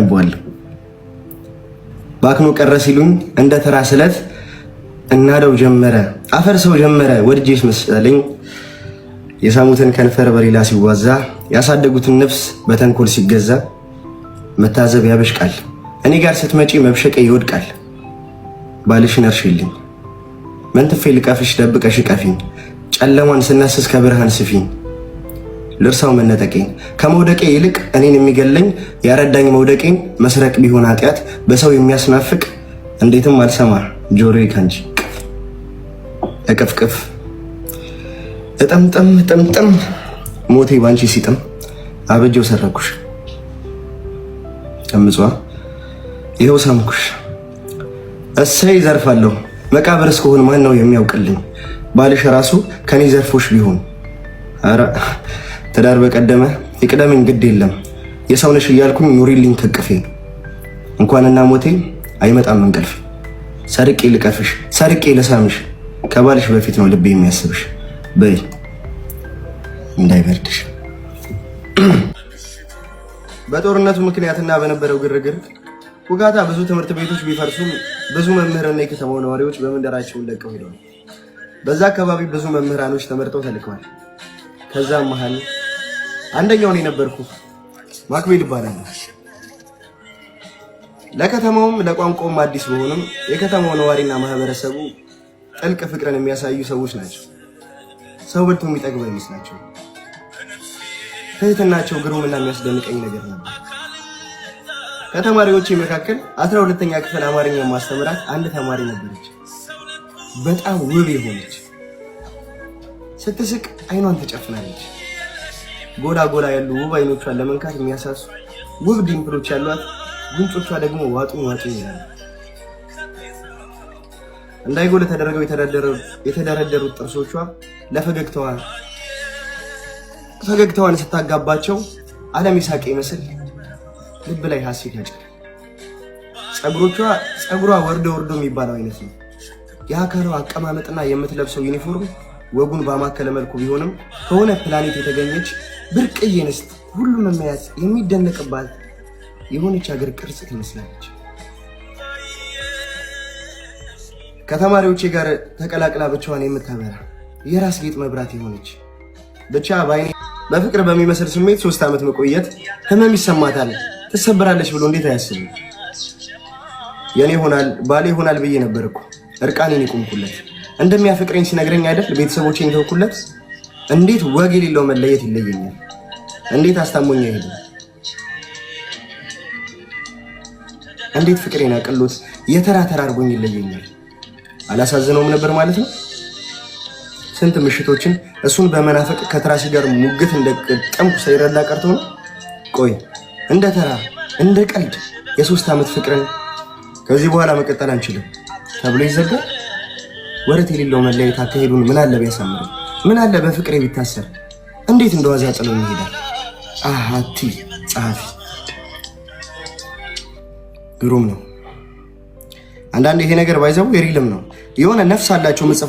ገባዋል። ባክኖ ቀረ ሲሉኝ እንደ ተራ ስለት እናደው ጀመረ አፈር ሰው ጀመረ ወድጄስ መሰለኝ የሳሙትን ከንፈር በሌላ ሲዋዛ ያሳደጉትን ነፍስ በተንኮል ሲገዛ መታዘብ ያበሽቃል። እኔ ጋር ስትመጪ መብሸቀ ይወድቃል። ባልሽን እርሽልኝ መንትፌ ልቀፍሽ ደብቀሽ ቀፊኝ ጨለማን ስናስስ ከብርሃን ስፊኝ ልርሳው መነጠቄን ከመውደቄ ይልቅ እኔን የሚገለኝ ያረዳኝ መውደቄን መስረቅ ቢሆን ኃጢአት በሰው የሚያስናፍቅ እንዴትም አልሰማ ጆሮዬ ካንቺ እቅፍቅፍ እጠምጠም ጥምጥም ሞቴ ባንቺ ሲጥም አበጀው ሰረኩሽ እምጿ ይኸው ሳምኩሽ እሰይ ዘርፋለሁ መቃብር እስከሆን ማን ነው የሚያውቅልኝ ባልሽ ራሱ ከኔ ዘርፎሽ ቢሆን ኧረ ትዳር በቀደመ ይቅደመኝ ግድ የለም የሰው ነሽ እያልኩኝ ኑሪልኝ እንኳን እንኳንና ሞቴ አይመጣም እንቅልፍ ሰርቄ ልቀፍሽ ሰርቄ ልሳምሽ ከባልሽ በፊት ነው ልቤ የሚያስብሽ በይ እንዳይበርድሽ በጦርነቱ ምክንያትና በነበረው ግርግር ውጋታ ብዙ ትምህርት ቤቶች ቢፈርሱም ብዙ መምህራንና የከተማው ነዋሪዎች በመንደራቸውን ለቀው ሄደዋል። በዛ አካባቢ ብዙ መምህራኖች ተመርጠው ተልከዋል። ከዛም መሃል አንደኛው ነው የነበርኩ። ማክቤል ይባላል። ለከተማውም ለቋንቋውም አዲስ በሆንም የከተማው ነዋሪና ማህበረሰቡ ጥልቅ ፍቅርን የሚያሳዩ ሰዎች ናቸው። ሰው በልቶ የሚጠግብ አይመስላቸው። ትህትናቸው ግሩምና የሚያስደንቀኝ ነገር ነበር። ከተማሪዎች መካከል አስራ ሁለተኛ ክፍል አማርኛ ማስተምራት አንድ ተማሪ ነበረች። በጣም ውብ የሆነች ስትስቅ አይኗን ትጨፍናለች። ጎላ ጎላ ያሉ ውብ አይኖቿን ለመንካት የሚያሳሱ ውብ ዲምፕሎች ያሏት ጉንጮቿ ደግሞ ዋጡ ዋጡ ይላሉ። እንዳይጎል ተደረገው የተደረደሩት ጥርሶቿ ለፈገግታዋ ፈገግታዋን ስታጋባቸው ዓለም ይሳቅ ይመስል ልብ ላይ ሐሴት ያጭራል። ጸጉሮቿ ፀጉሯ ወርዶ ወርዶ የሚባለው አይነት ነው። የአካሏ አቀማመጥና የምትለብሰው ዩኒፎርም ወጉን ባማከለ መልኩ ቢሆንም ከሆነ ፕላኔት የተገኘች ብርቅዬ እንስት ሁሉም መያዝ የሚደነቅባት የሆነች ሀገር ቅርጽ ትመስላለች። ከተማሪዎቼ ጋር ተቀላቅላ ብቻዋን የምታበራ የራስ ጌጥ መብራት የሆነች ብቻ በአይኔ በፍቅር በሚመስል ስሜት ሶስት ዓመት መቆየት ህመም ይሰማታል። ትሰበራለች ብሎ እንዴት አያስብም? የኔ ይሆናል ባሌ ይሆናል ብዬ ነበር እኮ እርቃኔን የቆምኩለት። እንደሚያፈቅረኝ ሲነግረኝ አይደል ቤተሰቦቼ የተውኩለት። እንዴት ወግ የሌለው መለየት ይለየኛል? እንዴት አስታሞኝ ይሄዱ? እንዴት ፍቅሬን አቅሎት የተራ ተራ አድርጎኝ ይለየኛል? አላሳዝነውም ነበር ማለት ነው። ስንት ምሽቶችን እሱን በመናፈቅ ከትራሲ ጋር ሙግት እንደቀጠምኩ ሳይረዳ ቀርቶ ነው። ቆይ እንደ ተራ እንደ ቀልድ የሶስት ዓመት ፍቅርን ከዚህ በኋላ መቀጠል አንችልም ተብሎ ይዘጋል። ወረት የሌለው መለየት አካሄዱን ምን አለ ቢያሳምረው፣ ምን አለ በፍቅሬ ቢታሰር፣ እንዴት እንደዋዛ ጥሎ ይሄዳል። አሃቲ ጸሐፊ ግሩም ነው። አንዳንድ ይሄ ነገር ባይዘው የሪልም ነው የሆነ ነፍስ አላቸው መጽሐፍ